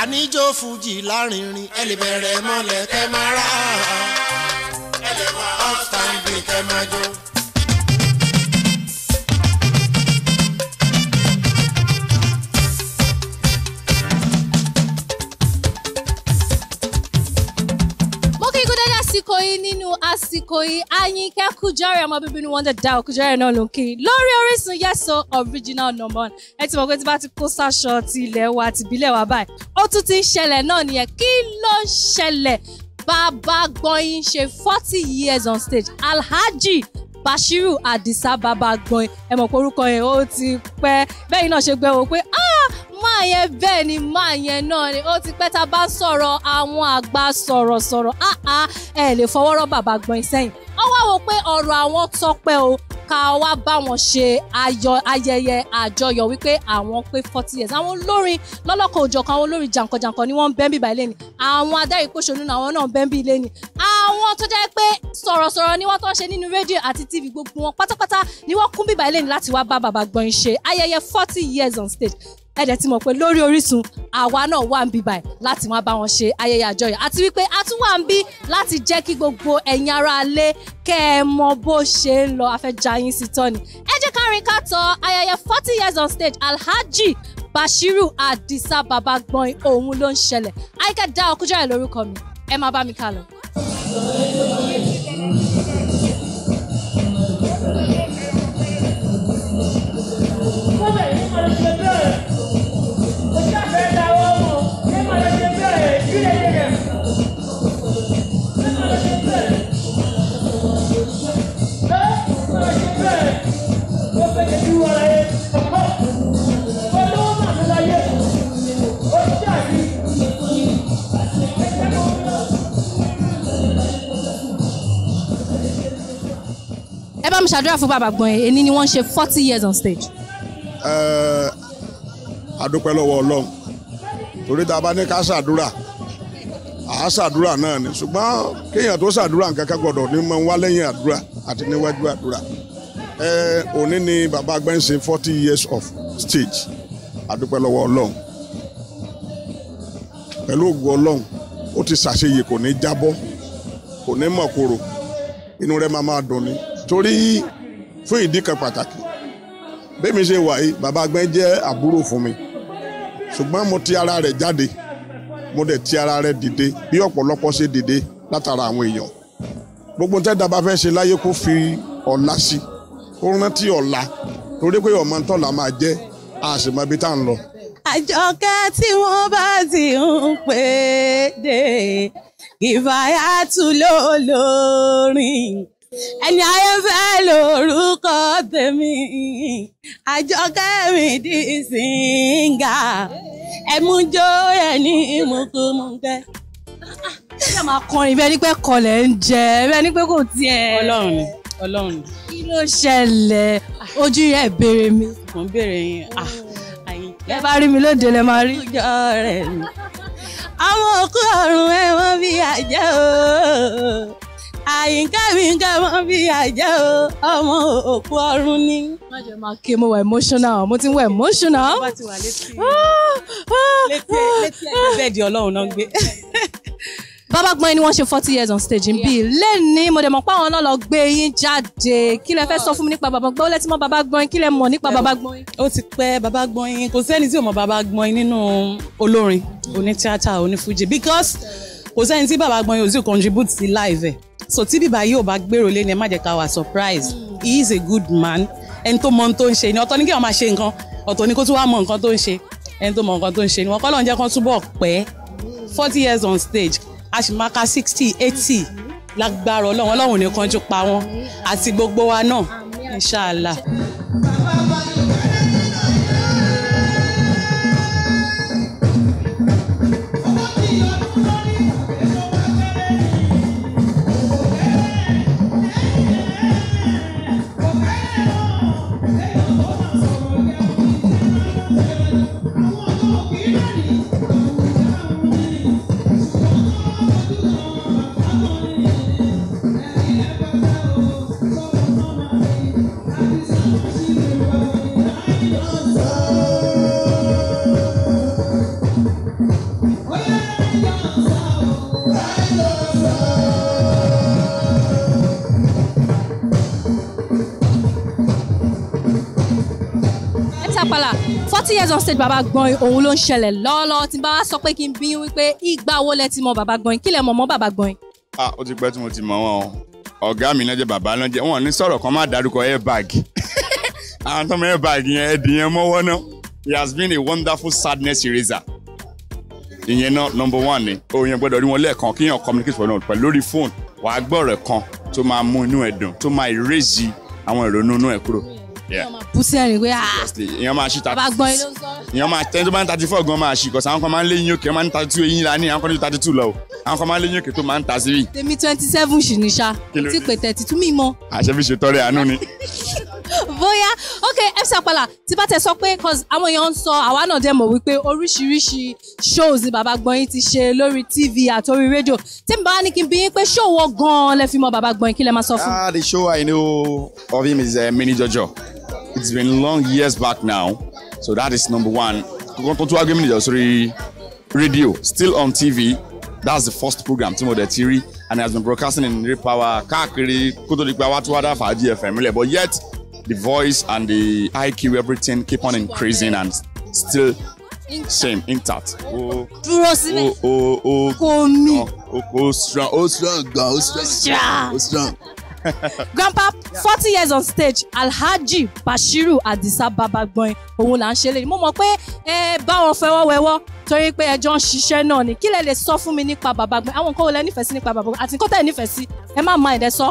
àníjó fújì lárinrin ẹ lè bẹ̀rẹ̀ mọ́lẹ̀ kẹ́ máa rà á ẹ lè wá upstanding kẹ́ máa jó. àsìkò yìí Àyìnkẹ́ Kújọ́rẹ́ ọmọ bíbí inú Wonder Dao Kújọ́rẹ́ náà ló ń kí lórí Orísun Yes original number one ẹ ti mọ̀ pé tí bá ti kó sáṣọ ti ilẹ̀ wa ti ìbílẹ̀ wa báyìí ó tún ti ń ṣẹlẹ̀ náà nìyẹn kí ló ń ṣẹlẹ̀ bàbá gbọ̀nyin ṣe forty years on stage Alhaji Bashiru Adisa bàbá gbọ̀nyin ẹ mọ̀ pé orúkọ yẹn ó ti pẹ́ bẹ́ẹ̀ náà ṣe gbẹ́ pé ah máa yẹn bẹ́ẹ̀ ni máa yẹn náà ni ó ti pẹ́ tá a bá sọ̀rọ̀ àwọn àgbà sọ̀rọ̀sọ̀rọ̀ áà ẹ lè fọwọ́ rọ́ bàbá gbọ́n sẹ́yìn wọ́n wá wò pé ọ̀rọ̀ àwọn tọpẹ́ o ká wá bá wọn ṣe ayẹyẹ àjọyọ̀ wípé àwọn pé forty years àwọn olórin lọ́lọ́kọ̀ òjọ̀kan àwọn olórin jàǹkànjàǹkàn ni wọ́n ń bẹ́ẹ̀ bí báyìí lẹ́nu àwọn adẹ́rìnpòṣónú náà àwọn náà ń bẹ́ẹ̀ bí lẹ́nu àwọn tó jẹ́ pé sọ̀rọ̀sọ̀rọ̀ ni wọ́n tó ń ṣe nínú rédíò àti tv gbogbo wọn pátápátá ni wọ́n kún bí báyìí lẹ́nu láti wá bá bàbá gbọ́n ṣe ayẹyẹ forty years on stage ẹ dẹ̀ ti mọ̀ pé lórí Orísun àwa náà wà ń bí báyìí láti wá bá wọn ṣe ayẹyẹ àjọyọ̀ àti wípé a tún wà ń bí láti jẹ́ kí gbogbo ẹ̀yin ará ilé kẹ́ ẹ mọ bó ṣe ń lọ afẹ́jà yín sí tọ́ni ẹ jẹ́ ká rìn ayẹyẹ forty years on stage Alhaji Bashiru Adisa Babagbọ́n òun ló ń ṣẹlẹ̀ Àyìnkẹ́ Dáa Kújọrẹ̀ lórúkọ mi ẹ máa bá mi kà lọ. ṣàdúrà fún bàbá Gbọ̀nyìn ẹni ni wọ́n ń ṣe forty years on stage. ẹ ẹ adúpẹ́ lọ́wọ́ Ọlọ́run torí tá a bá ní ká ṣàdúrà à á ṣàdúrà náà ni ṣùgbọ́n kéèyàn tó ṣàdúrà nǹkan kan gbọ́dọ̀ ní mọ wá lẹ́yìn àdúrà àti níwájú àdúrà ẹ òní ni bàbá Gbọ̀nyìn ṣe forty years of stage adúpẹ́ lọ́wọ́ Ọlọ́run pẹ̀lú ògùn Ọlọ́run ó ti ṣàṣeyè kò ní jábọ́ kò ní mọ̀kòrò inú rẹ̀ máa máa dùn ni torí fún ìdí kan pàtàkì bẹ́ẹ̀mi ṣe wà yìí bàbá Àgbẹ̀ jẹ́ àbúrò fún mi ṣùgbọ́n mo ti ara rẹ̀ jáde mo dẹ̀ ti ara rẹ̀ dìde bí ọ̀pọ̀lọpọ̀ ṣe dìde látara àwọn èèyàn gbogbo tẹ́dá bá fẹ́ ṣe láyé kó fi ọ̀la sí kó rántí ọ̀la torí pé ọmọ tọ́la máa jẹ́ a sì mọ ibi tá à ń lọ. àjọkẹ́ tí wọ́n bá ti ń pè é dé ìfàyà tún ẹni ayé ń fẹ́ lórúkọ tèmi àjọkẹ́ mi di sìngà ẹ̀mújó ẹni ìmùkúmùkẹ́. ṣé máa kọrin bẹ́ẹ̀ ni pé kọlẹ̀ ń jẹ bẹ́ẹ̀ ni pé kò tiẹ̀. ọlọ́run ni ọlọ́run ni. kí ló ṣẹlẹ̀ ojú yẹn béèrè mi. mo ń béèrè yín ah, ẹ bá rí mi lóde lẹ máa rí. ọjọ́ rẹ̀ ni àwọn òkú ọ̀run ẹ̀wọ̀n bíi àjẹ́ o àyínká mi ń kẹ́ mọ́ bí àjẹ́ o ọmọ òkú ọ̀run ni. má jẹ́ máa ké mo wà emotional mo ti wà emotional. bá ti wà létí ah, ah, létí ẹ ah. létí ẹ bẹ́ẹ̀ di ọlọ́run náà gbé. Baba Gbọ́n ni wọ́n ṣe forty years on stage nbí lẹ́ni mo dẹ̀ mọ̀ pé àwọn náà lọ gbé yín jáde kí lẹ fẹ́ sọ fún mi nípa Baba Gbọ́n ó lẹ́tí mọ́ Baba Gbọ́n kí lẹ mọ̀ nípa Baba Gbọ́n. ó ti pẹ́ Baba Gbọ́n kò sẹ́ni tí ò mọ̀ Baba Gbọ́n nínú olórin oní tíátà oní fújì because kò sẹ́ni tí Baba Gbọ́n yóò contribute sí live ẹ̀ so tí bíbá yìí ò bá gbèrò lé ni ẹ má jẹ́ ká wà surprise he is a good man ẹni tó mọ ohun tó ń ṣe ni ọ̀tọ̀ ni kí wọ́n máa ṣe nǹkan ọ̀tọ̀ ni kó tún wá mọ nǹkan tó ń ṣe ẹni tó mọ nǹkan tó ń ṣe ni wọ́n kọ́lọ́ ń jẹ́ kán túbọ̀ pẹ́ forty years on stage a sì máa ka sixty eighty lágbára ọlọ́run ọlọ́run nìkan jù pa wọ́n àti gbogbo wa náà Inshallah. forty years on stage bàbá gbọ̀n òun ló ń ṣẹlẹ̀ lọ́ọ́lọ́ tí bá sọ pé kí n bí wípé ìgbà wo lẹ ti mọ bàbá gbọ̀n kí lẹ mọ̀ mọ́ bàbá gbọ̀n. a ó ti pẹ́ tí mo ti mọ̀ wọn ọ̀gá mi náà jẹ́ bàbá náà jẹ́ wọn ní sọ̀rọ̀ kan má dárúkọ airbag àwọn tó mọ airbag yẹn ẹ̀dì yẹn mọ́wọ́ náà it has been a wonderful sadness eraser ìyẹn náà number one ni òun yẹn gbọ́dọ̀ rí wọn lẹ́ẹ̀kan kí yẹn communicate pẹ̀lú pẹ̀lú lórí fóònù wàá gbọ́rọ̀ kan tó máa mú inú ẹ̀ dùn tó máa erase àwọn ìrònú inú ẹ̀ kúrò ìyẹn ah, máa ṣe tàbí ìyẹn máa tẹ́ni tó bá ń thirty four gan máa ṣe because àwọn kan máa ń lé thirty two eyín lání àwọn kan ní thirty two lọ o àwọn kan máa ń lé yín òkè tó twenty seven ṣì ní ṣá thirty two mi mọ. àṣẹ fi ṣe tọrẹ àánú ni. bóyá ok ẹ ṣàpàlà tí bá tẹ sọ pé cause àwọn èèyàn ń sọ àwa náà dẹ̀ mọ̀ wípé oríṣiríṣi shows bàbá gbọ̀nyin ti ṣe lórí tv àtòrí rédíò tí n bá ní kí n bí pé show wo gan-an lẹ fi mọ̀ bàbá gbọ̀nyin kí lẹ máa sọ fún. ah the show i know of him is uh, mini jojo it's been long years back now so that is number one kókó tó tún wá mini jojo sórí rédíò still on tv that's the first program tí mo dẹ̀ ti rí and it has been broadcasting in repower káàkiri kótó di pé àwa tó wá dá fàájì fm lẹ̀ but yet the voice and the IQ, everything keep on increasing and still same intact. oh oh oh oh, oh oh oh oh strong oh strong oh o strong oh strong. grandpa forty years on stage alhaji bashiru adisa babagboyin òun là ń ṣe lè ní mo mọ̀ pé ẹ bá wọn fẹwọ́ wẹwọ́ torí pé ẹjọ́ ń ṣiṣẹ́ náà ni kí lẹ lè sọ fún mi nípa babagboyin àwọn nǹkan wo lẹ nífẹ̀ẹ́ sí nípa babagboyin àti nǹkan tẹ̀ nífẹ̀ẹ́ sí ẹ má mind ẹ sọ.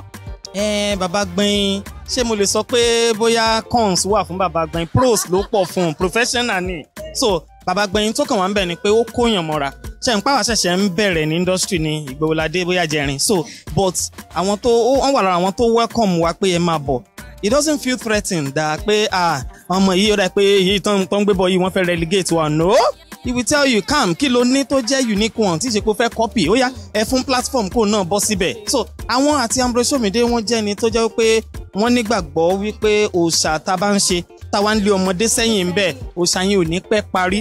ẹ babagboyin ṣé mo lè sọ pé bóyá cons wà fún bàbá gbẹ̀yìn pros ló pọ̀ fún professional ni so bàbá gbẹ̀yìn tó kàn wá ń bẹ̀ ni pé ó kóyàn mọ́ra ṣe ń pàwọ́ ṣẹ̀ṣẹ̀ ń bẹ̀rẹ̀ ní industry ní ìgbòholadé bóyá jẹrin so but àwọn tó wọ́n wà lára àwọn tó welcome wa pé ẹ máa bọ̀ it doesn't feel threatened dà pé ah, ọmọ yìí ó dà pé èyí tó ń gbé bọ̀ yìí wọ́n fẹ́ relegate wa no he will tell you calm kí ló ní tó jẹ́ unique one tí ṣe kó fẹ́ copy ó yá ẹ fún platform kó náà bọ́ síbẹ̀ so àwọn àti Ambrose Somide wọ́n jẹ́ ni tó jẹ́ pé wọ́n nígbàgbọ́ wípé òòṣà tá a bá ń ṣe táwa ń lé ọmọdé sẹ́yìn ń bẹ̀ òòṣà yẹn ò ní pẹ́ parí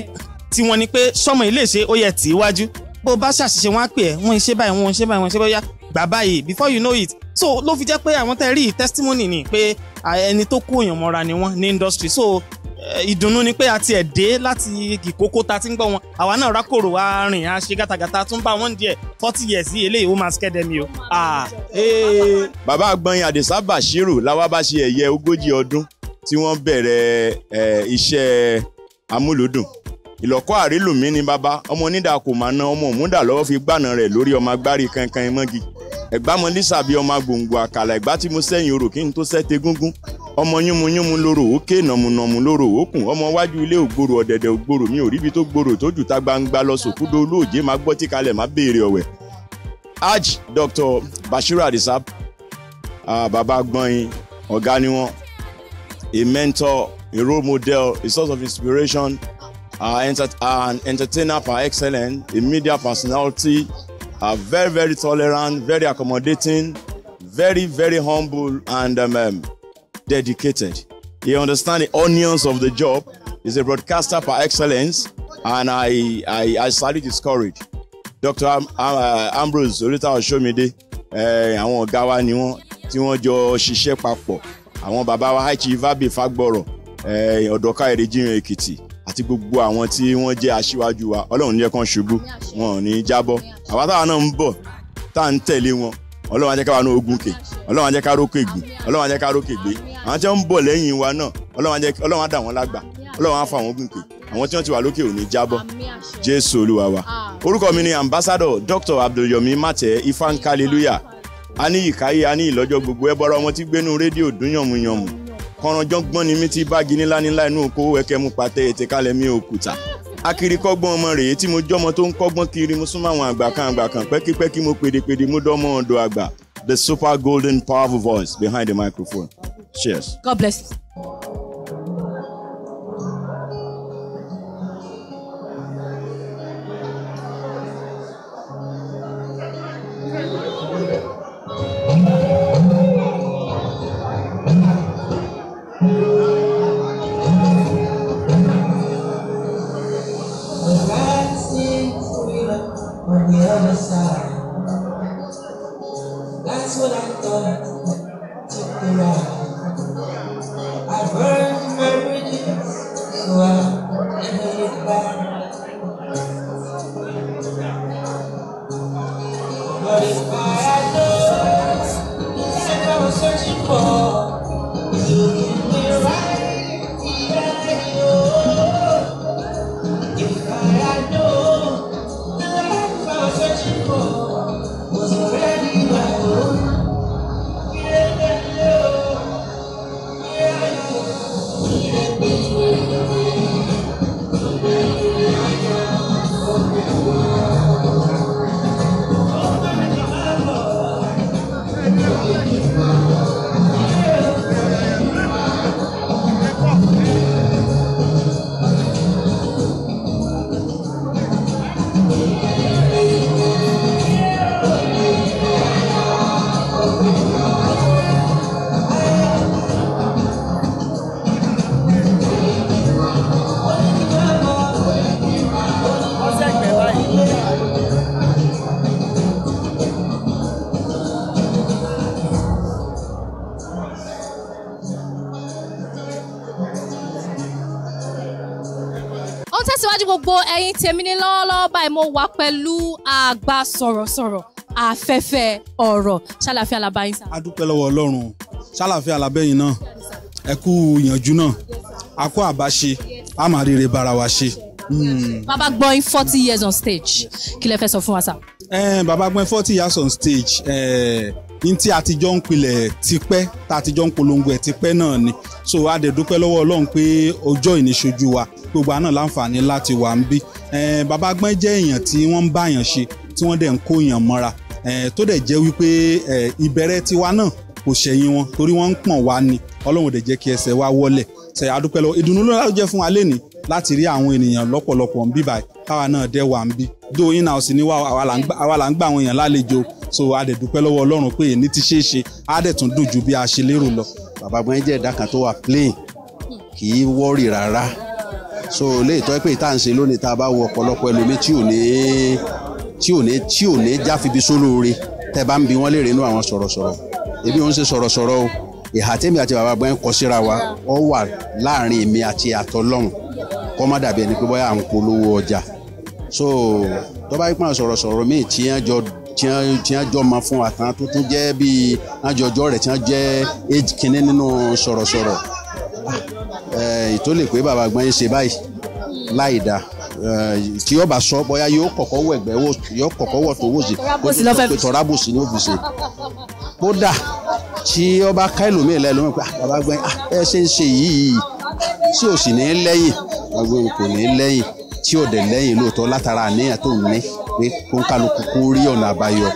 tí wọ́n ní pé sọ́mọ ilé ṣe ó yẹ tì í wájú bó o bá ṣàṣìṣe wọn á pè ẹ́ wọ́n ṣe báyìí wọ́n ṣe báyìí wọ́n ṣe báyìí gbà báyìí before you know it so ló fi jẹ́ pé àwọn tẹ́ rí testimony ni pé ẹni tó kó èèyàn mọ́ra ni wọ́n ní industry so Eh, ìdùnnú ni pé a tiẹ̀ dé láti ìkókó ta ti ń gbọ́ wọn àwa náà rákòrò wa rìn a ṣe gàtàgàtà tún bá wọn díẹ̀ forty years yìí eléyìí ó máa skẹ́dẹ̀ mi o. Eh. bàbá àgbọ̀nyin àdìsá bashiru làwa bá ṣe ẹ̀yẹ ogójì ọdún tí wọ́n bẹ̀rẹ̀ eh, iṣẹ́ amúlùdùn ìlọ́kọ́ àrílùmí ni bàbá ọmọ onídà kò máa ná ọmọ òmùdà lọ́wọ́ fi gbàna rẹ̀ lórí ọmọ agbárí kankan mọ́gi ẹ̀gbá mọ́ ọmọ gbòǹgbò àkàlà ẹ̀gbá tí mo sẹ́yìn orò kí n tó sẹ́ tegúngún ọmọ yúnmuyúnmu lóró òkè nàmùnàmù lóró òkùn ọmọ wájú ilé ògbòrò ọ̀dẹ̀dẹ̀ ògbòrò mi ò ríbi tó gbòrò tójú ta gbangba lọ sòkúdo olóòjé máa gbọ́ tí kalẹ̀ máa béèrè ọ̀wẹ̀. hajj dr bashir adisa a baba gbọ̀nyin ọ̀gá ni wọ́n a mentor a role model a source of inspiration uh, enter an entertainer par excellence a media personality uh, very very tolerant very accommodating very very humble and um, um, dedicated. He understands the onions of the job. He's a broadcaster by excellence, and I, I, I salute his courage. Dr. Am, uh, Ambrose Olita Oshomide, eh, àwọn ọ̀gá wa ni wọ́n tí wọ́n jọ ṣiṣẹ́ papọ̀. Àwọn bàbá wa Haichi Ivabi e Fagbọ̀rọ̀, ọ̀dọ̀ká eh, Èrèjìyàn Èkìtì àti gbogbo àwọn tí wọ́n jẹ́ aṣíwájú wa ọlọ́run ní jẹ́ kán ṣubú wọn ò ní jábọ́ àwa táwa náà ń bọ̀ tá à ń tẹ̀lé wọn ọlọ́run á jẹ́ ká ogun kè ọlọ́run á rókè gbé ọlọ́run á rókè gbé àwọn tí wọ́n ń bọ̀ lẹ́yìn wa náà ọlọ́run á dà wọ́n lágbà ọlọ́run á fà wọ́n gùn pé àwọn tí wọ́n ti wà lókè òní jábọ́ jésù olúwa wa orúkọ mi ni ambassador dr abdulyomi matẹ ifanka hallelujah a ní ìkáyé a ní ìlọ́jọ́ gbogbo ẹbọra ọmọ tí gbénu rédíò dún yànmùyànmù kọranjọ́gbọ́n ni mi ti bági nílá nílá inú oko ẹkẹmú pàtẹ ètèkálẹ̀ mi òkúta akirikọ́gbọ́n ọmọ rèé tí mo jọ́mọ tó ń kọ́gbọ́n kiri mo súnmọ́ àwọn àgbà kan àgbà kan pẹ́kípẹ́kí mo pèdèpèdè mo dọ́mọ ọ̀dọ̀ àgbà the super golden powerful voice behind the microphone. Cheers. God bless you. àgbà sọ̀rọ̀sọ̀rọ̀ afẹ́fẹ́ ọ̀rọ̀ ṣàlàfẹ́ alábáyín sá. a lọ́wọ́ ọlọ́run ṣàlàfẹ́ alábẹ́yìn náà ẹ kú ìyànjú náà a kó àbáṣe a máa ríire bára wa ṣe. Hmm. bàbá gbọ́yìn forty years on stage kí lẹ fẹ́ sọ fún wa sá. bàbá gbọ́yìn forty years on stage ní tí àtijọ́ ń pilẹ̀ tipẹ́ tá àtijọ́ ń polongo ẹ̀ tipẹ́ náà ni so a dẹ̀ dúpẹ́ lọ́wọ́ ọlọ́run pé ọjọ́ ìníṣojú wa gbogbo àná láǹfààní láti wà ń bí bàbá gbọ́n jẹ́ èèyàn tí wọ́n ń báyàn ṣe tí wọ́n dẹ̀ ń kó yàn mọ́ra tó dẹ̀ jẹ́ wípé ìbẹ̀rẹ̀ tiwa náà kò ṣẹ̀yìn wọn torí wọ́n ń pọ̀n wá ni ọlọ́run dẹ̀ jẹ́ kí ẹsẹ̀ wa wọlẹ̀ ṣe àdúpẹ́ lọ ìdùnnú ló jẹ́ fún wa lẹ́ni láti rí àwọn ènìyàn lọ́pọ̀lọpọ̀ ń bí báyìí káwa náà dẹ̀ wà ń bí dó iná ọ̀sìn ni àwa là ń gbà àwọn èèyàn lálejò so a dẹ̀ dúpẹ́ lọ́wọ́ ọlọ́run pé èyí ti ṣeé ṣe á dẹ̀ tún dùn ju bí a ṣe lérò lọ. bàbá gbọ́n jẹ́ ẹ̀dá kan tó wà plain kì í wọ́ọ̀rì rárá so léètọ́ pé ìta ń ṣe lónìí tá a bá wo ọ̀pọ̀lọpọ̀ ẹlòmíì tí ò ní tí ò ní tí ò ní jáfibi sólóore tẹ bá ń bi wọn léèrè inú àwọn sọ̀rọ̀sọ̀rọ̀ ebi òun ṣe sọ̀rọ̀sọ̀rọ̀ o ìhà tèmi àti bàbá gbọ́n kọ síra wa ọ wà láàrin èmi àti àtọlọ́hún kọ́ má dàbí ẹni pé bóyá à ń polówó ọjà so tọ́ba yìí pọ́n sọ̀rọ̀sọ̀rọ̀ míì tí wọ́n jọ tí wọ́n jọ mọ fún àtàn tó tún jẹ́ bíi àjọjọ́ rẹ̀ tí wọ́n jẹ́ éjì kínní nínú sọ̀rọ̀sọ̀rọ̀ ah, ìtólè pé bàbá gbọ́n ń ṣe báyìí láì dáa Eh, tí yóò bá sọ bóyá yóò kọ́kọ́ wọ ẹ̀gbẹ́ wò yóò kọ́kọ́ wọ tó wò sí kó tó tó tọ́rábùsì ní òfìsè kódà tí yóò bá ká ẹlòmíì lẹ́nu pé ah, bàbá gbẹ́yìn ah, ẹ ṣe ń ṣe yìí tí ò sì ní lẹ́yìn gbogbo kò ní lẹ́yìn tí ò dẹ̀ lẹ́yìn lóòótọ́ látara àníyàn tó ń ní pé kó ń kálukú kó rí ọ̀nà àbáyọ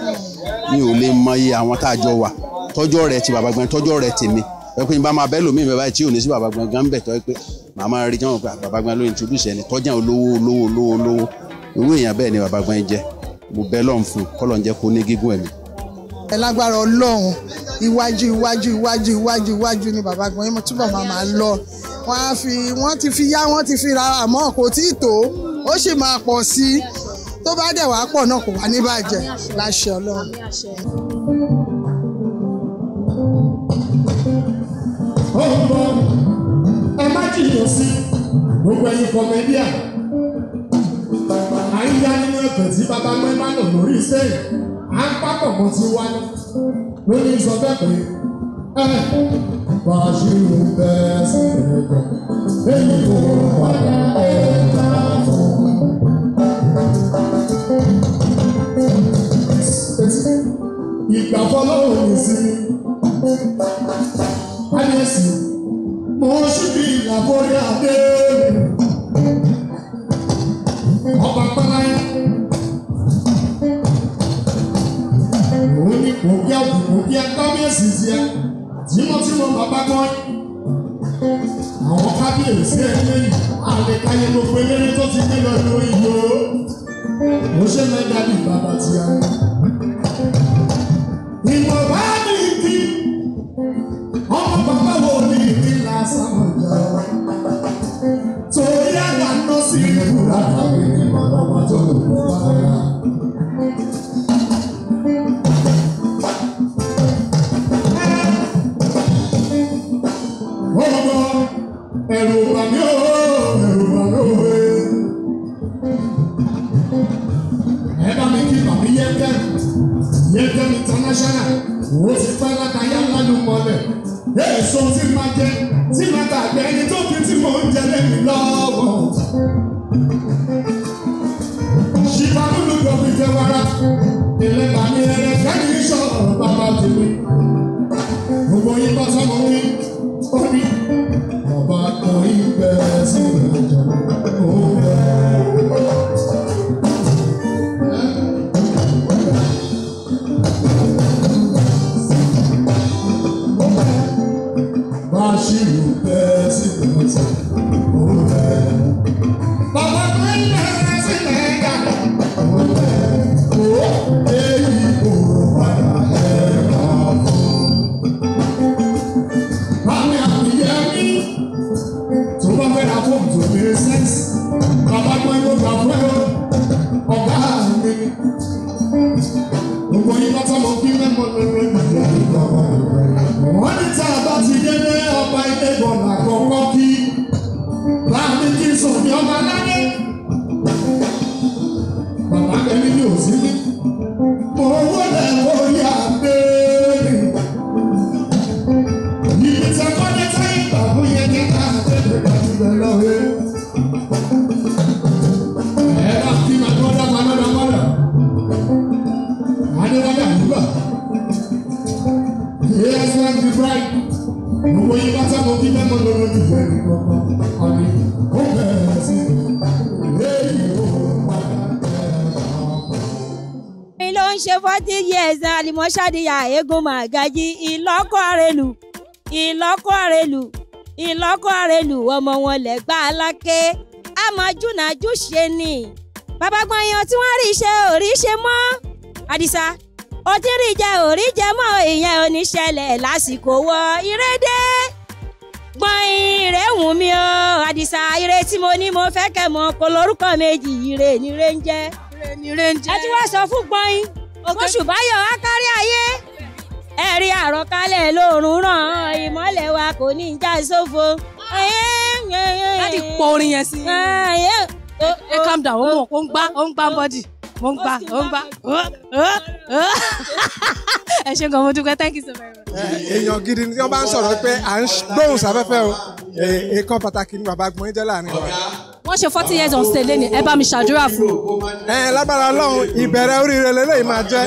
mi ò lè mọ àwọn tá a jọ wà tọ́jọ́ rẹ ti bàbá gbẹ́yìn tọ́jọ́ rẹ tèmi ẹ pé bá máa bẹ́ẹ̀ lómi ìbẹ̀ tí ò ní sí bàbá gbọ̀ngàn bẹ̀ tọ́ pé màá máa rí jáwọn pé bàbá gbọ̀ngàn ló introduce ẹni tọ́jà olówó olówó olówó olówó irú èèyàn bẹ́ẹ̀ ni bàbá gbọ̀ngàn jẹ́ mo bẹ́ẹ̀ lọ́n fún kọ́lọ̀ ń jẹ́ kó ní gígùn ẹ̀mí. ẹ lágbára Ọlọ́run iwájú iwájú iwájú iwájú iwájú ni bàbá gbọ̀ngàn mo túbọ̀ máa máa lọ wọ́n á fi wọ́n ti fi yá wọ́n ti fi ra àmọ́ kò tí ì tó ó sì máa pọ̀ sí i tó bá dẹ̀ wá pọ̀ náà kò wá ní láṣẹ Ọlọ́run. bọ́ọ̀lù ẹ má jìnnà sí gbogbo ẹyin kọmẹdíà à ń yá nínú ẹ̀bẹ̀ tí bàbá mẹ́má nà lórí iṣẹ́ yìí à ń pápọ̀ mọ́ ti wá ní lórí sọ bẹ́ẹ̀ pé ẹ bàṣírù bẹ́ẹ̀ sí ẹ̀kọ́ èyí kò padà ẹ̀ka fún. Ìgbà fọlọ́run nìsinmi, kábíyèsí àkórí adé ọba pẹ́láyà òun ni kò bí àbùkù bí agbámẹ́sì sí ẹ tímọ́tímọ́ bàbá kan àwọn kábíyèsí ẹ lẹ́yìn àlèkáyé ló pé lẹ́yìn tó ti gbé ìmọ̀ bá ní ìdí ọmọ bàbá wo ni ìdí lásán torí àgbàdo sí ìbúra tàbí ìbọn ọmọ tó lò ó fara. Ẹ̀rù bà mí o, ẹ̀rù bà mí o. Ẹ bá mi kí bàbí Yẹ́kẹ́ international, wo ti pẹ́ látàyà ńlá ló mọ̀lẹ̀, èso ti máa jẹ́ àgbẹ̀ ẹni tó fi tí mò ń jẹ lẹ́yìn lọ́wọ́. ṣe forty years alimọ́ṣáde àégúnmọ̀ àgájí ìlọ́kọ̀ àrẹ̀lù ìlọ́kọ̀ àrẹ̀lù ìlọ́kọ̀ àrẹ̀lù ọmọ wọn lẹ́gbà aláké àmọ́júnàjú ni babagbọ̀nyàn tí wọ́n rí ṣe òrí ṣe mọ́ àdìsá ó ti rí jẹ òrí jẹ mọ́ ìyẹn oníṣẹ̀lẹ̀ lásìkò wọ ìrédé gbọ̀nyìn ìrè wù mí o àdìsá ìrè tí mo ní mo fẹ́ kẹ́ mọ́ kó lórúkọ méjì ìrè ni ìrè ń jẹ́ ẹ ti wá sọ fún gbọ̀nyìn. Mọ́ṣúbáyọ̀ wá kárí ayé ẹ̀rí àròkálẹ̀ lóòrùn ràn ìmọ́lẹ̀ wa kò ní í já sófo. láti pọ orin yẹn sí i. ẹ calm down ó mọ̀ ó ń gbá ó ń gbá bọ́dì mo ń gbá mo ń gbá ẹ ṣe gan mo dúpẹ́ thank you so very much. èèyàn gidi ni wọ́n bá ń sọ̀rọ̀ pé à ń gbóhùn sáfẹ́fẹ́ o nǹkan pàtàkì ni bàbá gbọ́n jẹ́ láàrin wa wọ́n ṣe forty years on stage lẹ́nu ẹ bá mi ṣàdúrà fún. ẹ lágbára Ọlọ́run ìbẹ̀rẹ̀ oríire lélẹ́yìí máa jẹ́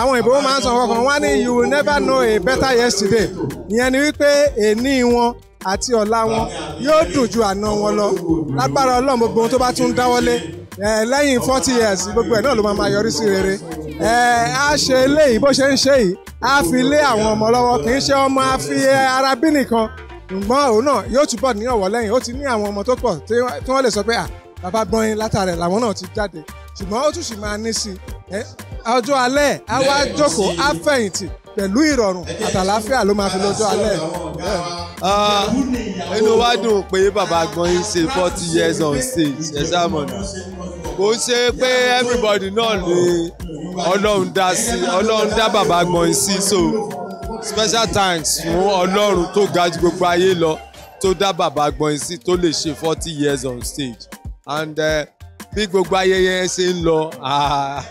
àwọn ìbò máa ń sọ kankan wọ́n á you will never know a better yesterday ìyẹn ni wípé èní wọn àti ọ̀la wọn yóò dùn ju àná wọn lọ lágbára Ọlọ́run gbogbo ohun tó bá tún dáwọ́lé lẹ́yìn forty years gbogbo ẹ̀ náà ló máa yọrí sí rere á ṣe eléyìí bó ṣe ń ṣe yìí á fi lé àwọn ọmọ lọ́wọ́ kì í ṣe ọmọ á fi ara bí ǹgbọ́n òun náà yóò túbọ̀ ní ọ̀wọ́ lẹ́yìn ó ti ní àwọn ọmọ tó pọ̀ tí wọ́n lè sọ pé à bàbá gbọ́nyin látàrẹ̀ làwọn náà ti jáde ṣùgbọ́n ó tún sì máa ní sí i ọjọ́ alẹ́ á wá jókòó á fẹ̀yìntì pẹ̀lú ìrọ̀rùn àtàlàáfíà ló máa fi lọ́jọ́ alẹ́. inú wa dùn pé bàbá gbọ́nyin ṣe forty years on stage ẹ sáàmù ni kò ṣe pé everybody náà ni ọlọ́run dá sí ọlọ́run dá bàbá gbọ́nyin sí so special thanks fún ọlọ́run tó ga ju gbogbo ayé lọ tó dá bàbá gbọ̀nyìn sí tó lè ṣe forty years on stage and eh, bí gbogbo ayẹyẹ ṣe ń lọ ah,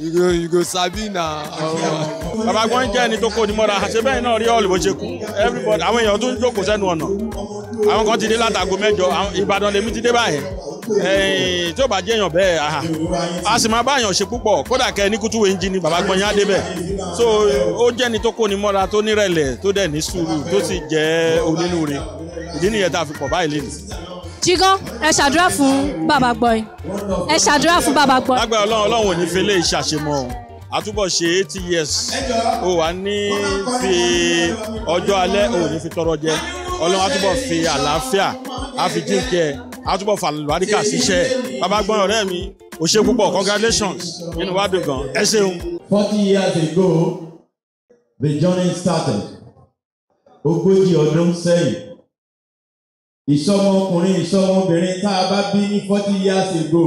you go sabi na. bàbá gbọ́n jẹ́ ẹni tó kó ni mọ́ra àṣẹ bẹ́ẹ̀ náà rí ọ̀lù bó ṣe kù everybody àwọn èèyàn tó ń jókòó sẹ́nu ọ̀nà àwọn kan ti dé látago mẹ́jọ Ìbàdàn lèmi ti dé báyẹn tí ó bá jẹ́ èèyàn bẹ́ẹ̀ a sì máa bá èèyàn ṣe púpọ̀ kódà kẹ́ ní kútúwé ń jí ni bàbá gbọ́n yá dé bẹ́ẹ̀ so ó jẹ́ ẹni tó kó ni mọ́ra tó nírẹ̀lẹ̀ tó dẹ̀ ní sùúrù tó sì jẹ́ onínúure ìdí nìyẹn tá jígán ẹ ṣàdúrà fún bàbá gbọ́yìn ẹ ṣàdúrà fún bàbá gbọ́yìn. lágbára ọlọ́run ọlọ́run ò ní fele ìṣàṣemọ́ o àtúbọ̀ ṣe eighty years o wà ní fi ọjọ́ alẹ́ o ní fi tọrọ jẹ ọlọ́run àtúbọ̀ fi àlàáfíà àfi jíǹkẹ́ àtúbọ̀ fàlùbáríkà síṣẹ́ bàbá gbọ́yìn ọ̀rẹ́ mi o ṣe púpọ̀ congratulations inú wa dùn gan ẹ ṣeun. forty years ago the journey started ogójì ọdún sẹ́yìn ìsọmọkùnrin ìsọmọbìnrin tá a bá bí ní forty years ago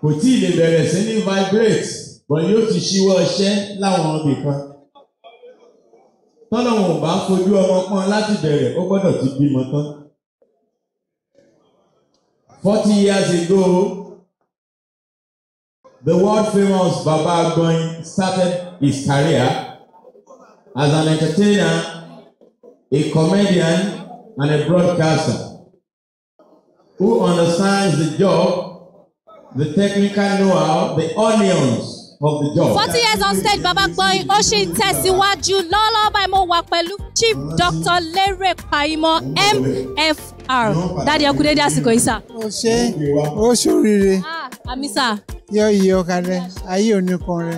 kò tí ì lè bẹ̀rẹ̀ sí ní vibrate but yóò ti ṣíwọ́ iṣẹ́ láwọn ibì kan tọ́lọ́wọ̀n ò bá fojú ọmọ pọ́n láti bẹ̀rẹ̀ ó gbọ́dọ̀ ti bímọ tán forty years ago the world famous Baba Agbonyin started his career as an entertainer a comedian and a broadcaster who understands the job, the technical know-how, the onions of the job. forty years on stage baba gbọ́yìn ó ṣì lola tẹ̀síwájú lọ́wọ́lọ́wọ́ mo wà pẹ̀lú chief doctor lérè Paimo mfr dáàdi ẹ kú dédé àsìkò yìí sà. o ṣe o ṣoríire. Ah, àmì sà. yọ iye ọkàn rẹ ayé òní kan rẹ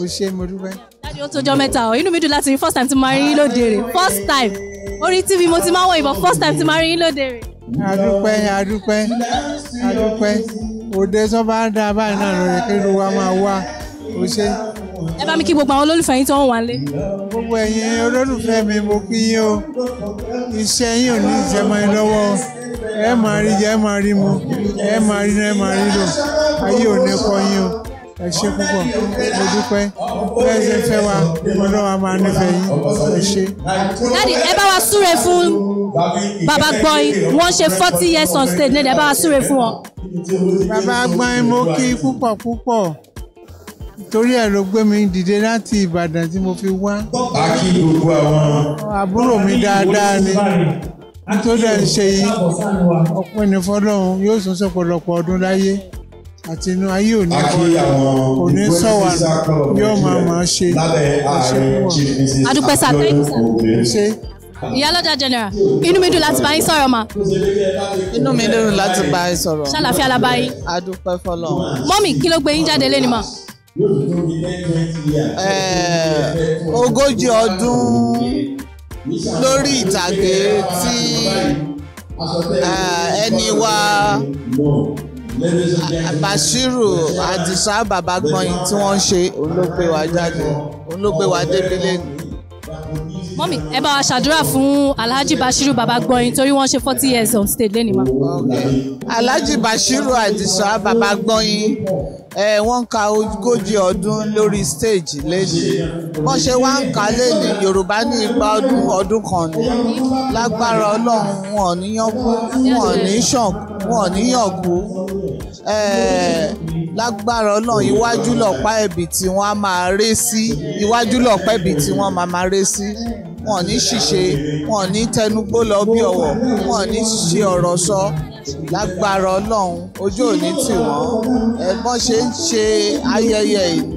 o ṣe mo dúpẹ́. dáàdi ó tó jọ mẹ́ta o inú mi dùn láti first time to marry, máa rí first time orí tv mo ti máa ń wọ ìbọn first time ti máa rí yín lóde rè. adúpẹ́ adúpẹ́ adúpẹ́ òde tó bá ń dá báyìí náà lórí kéde wa máa wá o ṣe. ẹ bá mi kí gbogbo àwọn olólùfẹ́ yín tó ń wálé. gbogbo ẹ̀yin olólùfẹ́ mi mo kí yín o iṣẹ́ yín ò ní ìjẹmọ́ yín lọ́wọ́ ẹ máa rí ẹ máa rí mu ẹ máa rí ẹ máa rí lò ayé ò ní kọ yín o ẹ ṣe púpọ̀ mo dúpẹ́ lẹ́sẹ̀ fẹ́ wa ọlọ́wà máa nífẹ̀ẹ́ yín ẹ ṣe. dáàdi ẹ bá wa súre fún bàbá gbọ́n wọ́n ṣe forty years on stage lẹ́dẹ̀ bá wa súre fún wọn. bàbá gbọ́n mo kí púpọ̀ púpọ̀ torí ẹ ló gbé mi dìde láti Ìbàdàn tí mo fi wá. a kí gbogbo àwọn. àbúrò mi dáadáa ni nítorí ẹ ṣe yìí ọpẹ́ ní fọ́lọ́run yóò sún sọ̀pọ̀lọpọ̀ ọdún láyé àti inú ayé òní òní sọ̀wà yóò máa máa ṣe ẹṣẹ́ púpọ̀. adúpẹ́ sá thank you sá. ìyálọ́jà general inú mi dùn láti bá yín sọ̀rọ̀ mà. inú mi dùn láti bá yín sọ̀rọ̀. ṣàlàfíà la bá yín. adúpẹ́ fọlọ́. mọ́mì kí ló gbé yín jáde lé ni mà. ogójì ọdún lórí ìtàgé tí ẹni wa. Bashiru Àdìsá Babagbọ́yìn tí wọ́n ń ṣe òun ló gbé wa jáde òun ló gbé mọ́mí ẹ bá wa ṣàdúrà fún Alhaji Bashiru Babagbọ́yìn torí wọ́n ṣe forty years on stage lẹ́nu ma. Alhaji Bashiru Àdìsá Babagbọ́yìn ẹ wọ́n ń ka ogójì ọdún lórí stage lẹ́nu wọ́n ṣe wá ń kà lẹ́nu Yorùbá ní ipa ọdún ọdún kan ní lágbára Ọlọ́run wọn ò ní wọn ò ní Eh, lágbára ọlọ́run iwájú lọ̀pá ẹ̀bì tí wọ́n á máa ré sí iwájú lọ̀pá ẹ̀bì tí wọ́n máa máa ré sí wọn ò ní ṣìṣe wọn ò ní tẹnugbó lọ bí ọ̀wọ̀ wọn ò ní ṣe ọ̀rọ̀ sọ lágbára ọlọ́run ojú òní tì wọ́n ẹ̀gbọ́n ṣe ń ṣe ayẹyẹ ìní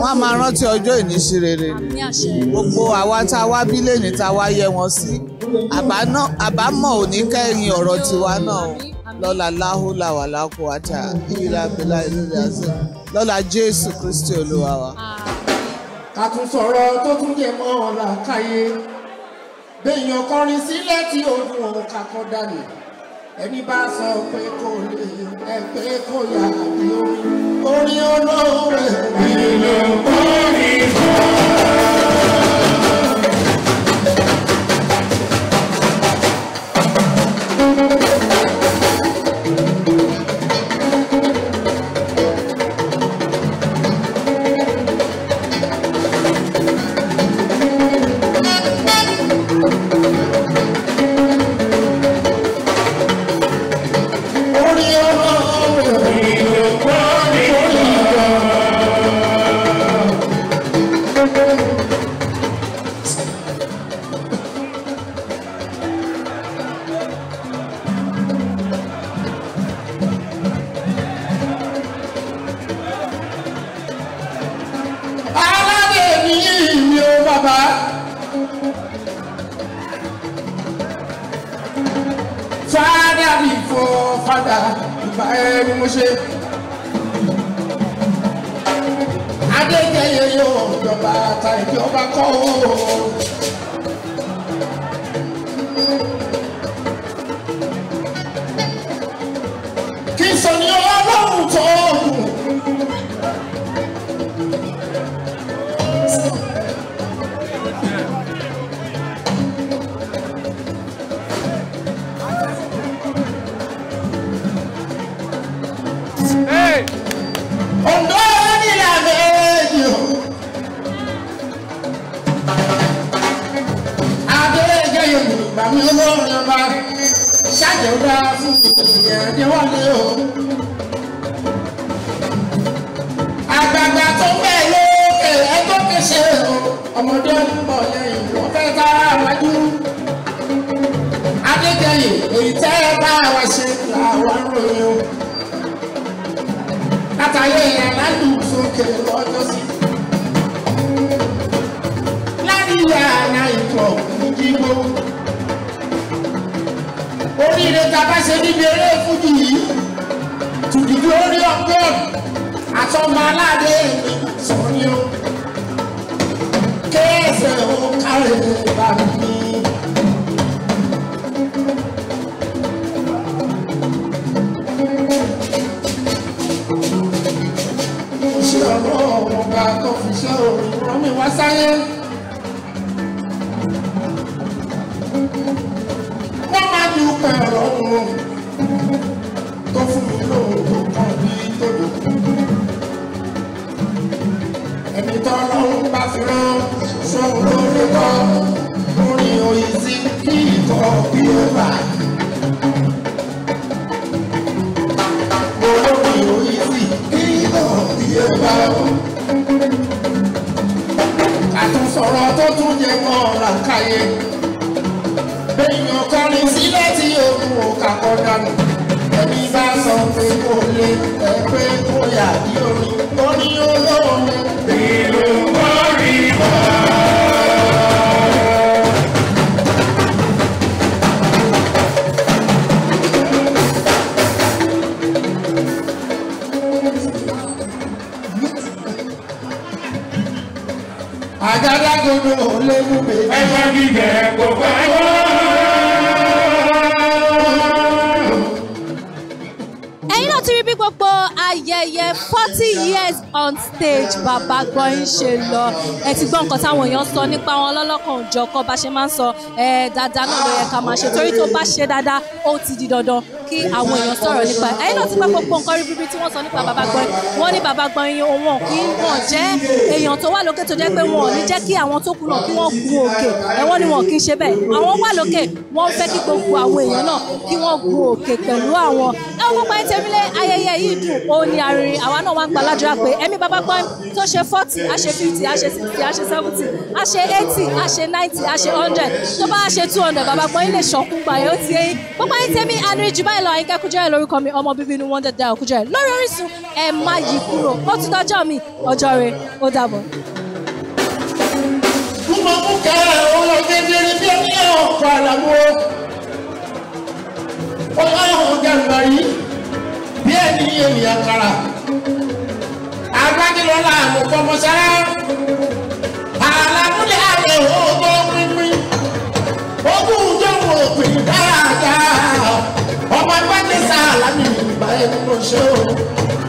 wọ́n á máa rántí ọjọ́ ìní sí rere gbogbo àwa tá a wá bí lẹ́ni tá a wá yẹ wọn sí àbámọ̀ ò kẹ́yìn ọ̀rọ̀ tiwa náà lọ́la láhùlà wà lákòwátà ìlà abẹ́là ìlú ìdásẹ́ lọ́la jésù kristi olúwa wa. ká tó tún yẹ mọ́ ọ̀la káyé béèyàn kọrin sílẹ̀ tí ó dùn kakọ́ dànù ẹni bá sọ pé kò lè ẹ pé kò yà àbí orin olóore. èlò kórìí kọ́. gbà mí olórin ọba ṣàjẹ̀dá fún ìyẹn níwọ̀lé o. àgbààgbà tó bẹ̀ lókè ẹgbẹ́ kéṣe ọmọdé ń lẹ́yìn wọ́n fẹ́ ká wájú. adéjẹyìn èyí tẹ́ bá wa ṣe làwọn ròyìn o. látàyè ìyá lálùú sókè lọ́jọ́ sí. láti yà á náà ìtọ̀ ìdígbò oríire tá a bá ṣe níbi eré fújì yìí to the glory of God àtọmọ aláàdé mi sọ ni o kéèsè ó kárẹ̀ bá mi. ṣé ọlọ́run ọba tó fi ṣe òun rán wá sáyé. dúpẹ́ ọlọ́run tó fún mi lóòótọ́ kan bí tòló. ẹni tọ́lọ́run bá fi rán sóhun lórí kọ́ lórí oyin sí kí ìtọ́ bí ó bá. Bẹ́ẹ̀yàn kọrin sílẹ̀ tí òun ò kàkọ́ dànù. Ẹni bá sọ pé kò lè ẹ pé kò yà bí orin, ó ní olóore. Ìlú kọrin wá. àgádágodo léwu mi. ẹgbẹ́ gbígbẹ́ gbogbo. ayẹyẹ forty years on stage bàbá gbọ́yìn ṣe lọ ẹ ti gbọ́ nǹkan táwọn èèyàn sọ nípa wọn lọ́lọ́kan òjọ̀kan bá ṣe máa ń sọ ẹ dáadáa náà ló yẹ ká máa ṣe torí tó bá ṣe dáadáa ó ti di dandan kí àwọn èèyàn sọ̀rọ̀ nípa ẹ̀yin náà ti pẹ́ gbogbo nǹkan rí bíbí tí wọ́n sọ nípa bàbá gbọ́n wọ́n ní bàbá gbọ́n iye wọn kí wọ́n jẹ́ èèyàn tó wà lókè tó jẹ́ pé wọn ò ní jẹ́ kí àwọn tó kù náà kí wọ́n gun òkè ẹ̀wọ́n ni wọn kì í ṣe bẹ́ẹ̀ àwọn wà lókè wọ́n fẹ́ kí gbogbo àwọn èèyàn náà kí wọ́n gun òkè pẹ̀lú àwọn ẹ wọ́n gbogbo ẹni tẹ̀mílé ayẹyẹ yìí dùn ó ní arìnrìn àwa náà wá ń gbàládùra pé ẹ̀mí bàbá gbọ́n tó ṣe forty a ṣe fifty a ṣe sixty a ṣe seventy a ṣe eighty a ṣe ninety a ṣe hundred tó bá a ṣe two hundred bàbá gbọ́n ilé ṣọ̀kú gbà yóò ti ẹyin gbogbo ẹni tẹ̀mí arìnrìn jù báyìí Bello Ayinke Kujore lórúkọ mi ọmọ bíbí inú wọ́n dẹ̀dẹ̀ Kujore lórí Orísun ẹ má yí kúrò ó ti dọjọ́ mi ọjọ́ rẹ ó dàbọ̀. Túmọ̀ mú kẹ́rẹ̀ owó kedere bí ó ní ọ̀pọ̀ ọlọ́run jàǹbá yìí bí ẹni ènìyàn kara agbájúlọ́lá àmọ̀kọ́mọsára àlàmúlẹ̀ àbẹ̀wò ọgbọ́n pínpín ogún alámì ìgbà ẹni mo ṣe o.